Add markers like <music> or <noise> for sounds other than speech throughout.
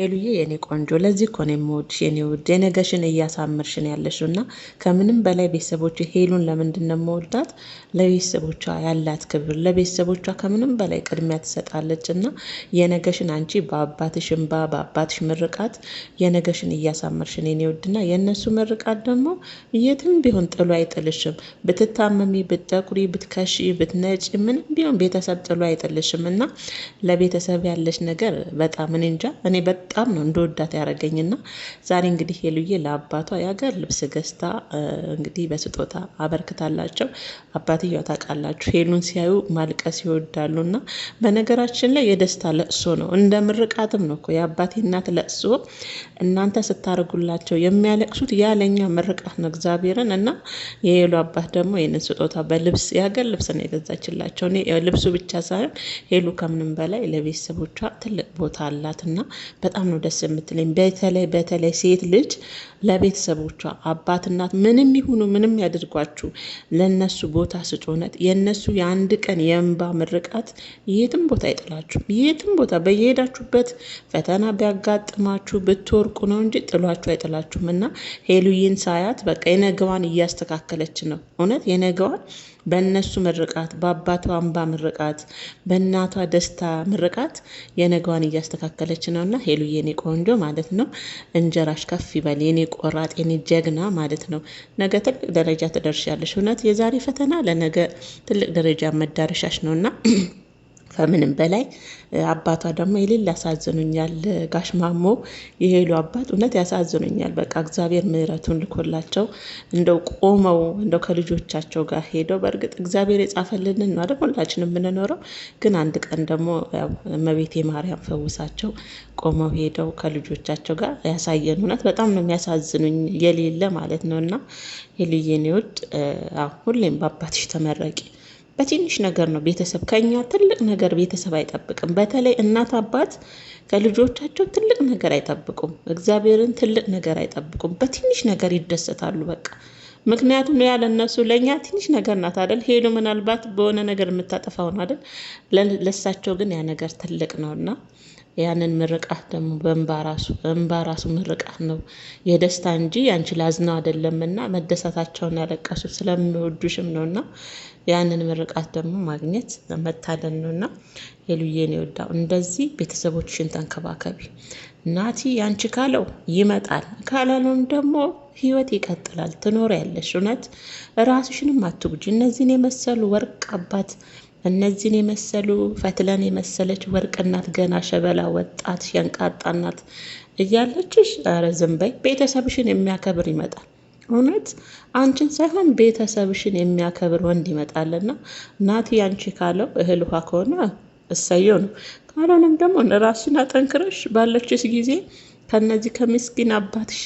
ሄሉዬ የኔ ቆንጆ ለዚህ እኮ ነው የምወድሽ የኔ ውድ የነገሽን እያሳምርሽን ያለሽው እና ከምንም በላይ ቤተሰቦች ሄሉን ለምንድን ነው የምወዳት? ለቤተሰቦቿ ያላት ክብር ለቤተሰቦቿ ከምንም በላይ ቅድሚያ ትሰጣለች እና የነገሽን አንቺ በአባትሽ እንባ በአባትሽ ምርቃት የነገሽን እያሳምርሽን የኔ ውድ ውድና የእነሱ ምርቃት ደግሞ የትም ቢሆን ጥሎ አይጥልሽም። ብትታመሚ፣ ብትጠቁሪ፣ ብትከሺ፣ ብትነጭ ምንም ቢሆን ቤተሰብ ጥሎ አይጥልሽም እና ለቤተሰብ ያለሽ ነገር በጣም እኔ እንጃ እኔ በጣም ነው እንደወዳት ያደረገኝና ዛሬ እንግዲህ ሄሉዬ ለአባቷ የሀገር ልብስ ገዝታ እንግዲህ በስጦታ አበርክታላቸው። አባትየዋ ታውቃላችሁ ሄሉን ሲያዩ ማልቀስ ይወዳሉና በነገራችን ላይ የደስታ ለቅሶ ነው፣ እንደ ምርቃትም ነው እኮ የአባቴ እናት ለቅሶ እናንተ ስታደርጉላቸው የሚያለቅሱት ያለኛ ምርቃት ነው እግዚአብሔርን እና የሄሉ አባት ደግሞ ይህንን ስጦታ በልብስ የሀገር ልብስ ነው የገዛችላቸው። ልብሱ ብቻ ሳይሆን ሄሉ ከምንም በላይ ለቤተሰቦቿ ትልቅ ቦታ አላት እና በጣም በጣም ነው ደስ የምትለኝ። በተለይ በተለይ ሴት ልጅ ለቤተሰቦቿ አባት፣ እናት ምንም ይሁኑ ምንም ያድርጓችሁ ለእነሱ ቦታ ስጮነት የእነሱ የአንድ ቀን የእንባ ምርቃት የትም ቦታ አይጥላችሁም። የትም ቦታ በየሄዳችሁበት ፈተና ቢያጋጥማችሁ ብትወርቁ ነው እንጂ ጥሏችሁ አይጥላችሁም። እና ሄሉይን ሳያት በቃ የነገዋን እያስተካከለች ነው እውነት የነገዋን በእነሱ ምርቃት፣ በአባቷ አምባ ምርቃት፣ በእናቷ ደስታ ምርቃት የነገዋን እያስተካከለች ነው እና ሄሉ የኔ ቆንጆ ማለት ነው። እንጀራሽ ከፍ ይበል የኔ ቆራጥ የኔ ጀግና ማለት ነው። ነገ ትልቅ ደረጃ ትደርሻለሽ። እውነት የዛሬ ፈተና ለነገ ትልቅ ደረጃ መዳረሻሽ ነው እና <clears throat> ከምንም በላይ አባቷ ደግሞ የሌለ ያሳዝኑኛል። ጋሽ ማሞ የሄሉ አባት እውነት ያሳዝኑኛል። በቃ እግዚአብሔር ምሕረቱን ልኮላቸው እንደው ቆመው እንደው ከልጆቻቸው ጋር ሄደው በእርግጥ እግዚአብሔር የጻፈልንን ነው አይደል ሁላችን የምንኖረው። ግን አንድ ቀን ደግሞ እመቤቴ ማርያም ፈውሳቸው ቆመው ሄደው ከልጆቻቸው ጋር ያሳየን። እውነት በጣም ነው የሚያሳዝኑኝ የሌለ ማለት ነው እና የልዬኔ ውድ ሁሌም በአባትሽ ተመረቂ በትንሽ ነገር ነው ቤተሰብ ከኛ ትልቅ ነገር ቤተሰብ አይጠብቅም። በተለይ እናት አባት ከልጆቻቸው ትልቅ ነገር አይጠብቁም። እግዚአብሔርን ትልቅ ነገር አይጠብቁም። በትንሽ ነገር ይደሰታሉ በቃ ምክንያቱም ያለ እነሱ ለእኛ ትንሽ ነገር ናት አደል? ሄዶ ምናልባት በሆነ ነገር የምታጠፋውን አደል? ለሳቸው ግን ያ ነገር ትልቅ ነውና ያንን ምርቃት ደግሞ በእንባ ራሱ እንባ ምርቃት ነው የደስታ እንጂ ያንቺ ላዝነው አይደለምና መደሰታቸውን ያለቀሱት ስለሚወዱሽም ነውና ያንን ምርቃት ደግሞ ማግኘት መታደል ነውና የሉዬን ይወዳው እንደዚህ ቤተሰቦችሽን ተንከባከቢ። ናቲ ያንቺ ካለው ይመጣል፣ ካላለውም ደግሞ ህይወት ይቀጥላል። ትኖር ያለሽ እውነት ራስሽንም አትጉጅ። እነዚህን የመሰሉ ወርቅ አባት እነዚህን የመሰሉ ፈትለን የመሰለች ወርቅናት ገና ሸበላ ወጣት ሸንቃጣናት እያለችሽ ኧረ ዝም በይ። ቤተሰብሽን የሚያከብር ይመጣል። እውነት አንቺን ሳይሆን ቤተሰብሽን የሚያከብር ወንድ ይመጣልና ናቲ አንቺ ካለው እህል ውሃ ከሆነ እሰየው ነው። ካልሆነም ደግሞ ራስሽን አጠንክረሽ ባለችስ ጊዜ ከነዚህ ከምስኪን አባትሽ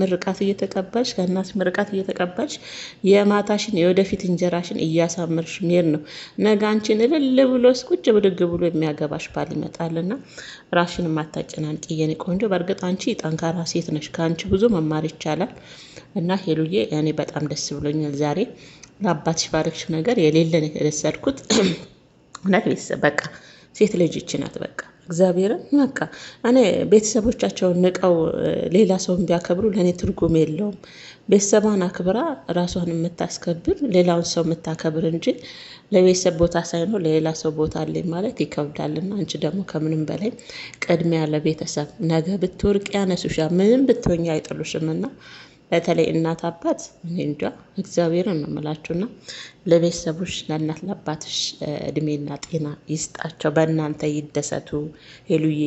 ምርቃት እየተቀበልሽ ከእናትሽ ምርቃት እየተቀበልሽ የማታሽን የወደፊት እንጀራሽን እያሳምርሽ ሜር ነው። ነገ አንቺን እልል ብሎ ስቁጭ ብድግ ብሎ የሚያገባሽ ባል ይመጣልና ራሽን ማታጨናንቂ የኔ ቆንጆ። በእርግጥ አንቺ ጠንካራ ሴት ነሽ፣ ከአንቺ ብዙ መማር ይቻላል። እና ሄሉዬ እኔ በጣም ደስ ብሎኛል ዛሬ ለአባትሽ ባረግሽ ነገር የሌለን የተደሰድኩት ያልኩት እውነት ቤተሰብ በቃ ሴት ልጅ ይችናት በቃ እግዚአብሔርን በቃ እኔ ቤተሰቦቻቸውን ንቀው ሌላ ሰውን ቢያከብሩ ለእኔ ትርጉም የለውም። ቤተሰቧን አክብራ ራሷን የምታስከብር ሌላውን ሰው የምታከብር እንጂ ለቤተሰብ ቦታ ሳይኖር ለሌላ ሰው ቦታ አለኝ ማለት ይከብዳልና፣ አንቺ ደግሞ ከምንም በላይ ቅድሚያ ለቤተሰብ ነገ ብትወርቅ ያነሱሻ ምንም ብትወኛ አይጥሉሽምና በተለይ እናት አባት እኔ እንጃ እግዚአብሔርን ነው የምላችሁና ለቤተሰቦች ለእናት ለአባትሽ እድሜና ጤና ይስጣቸው። በእናንተ ይደሰቱ ሄሉዬ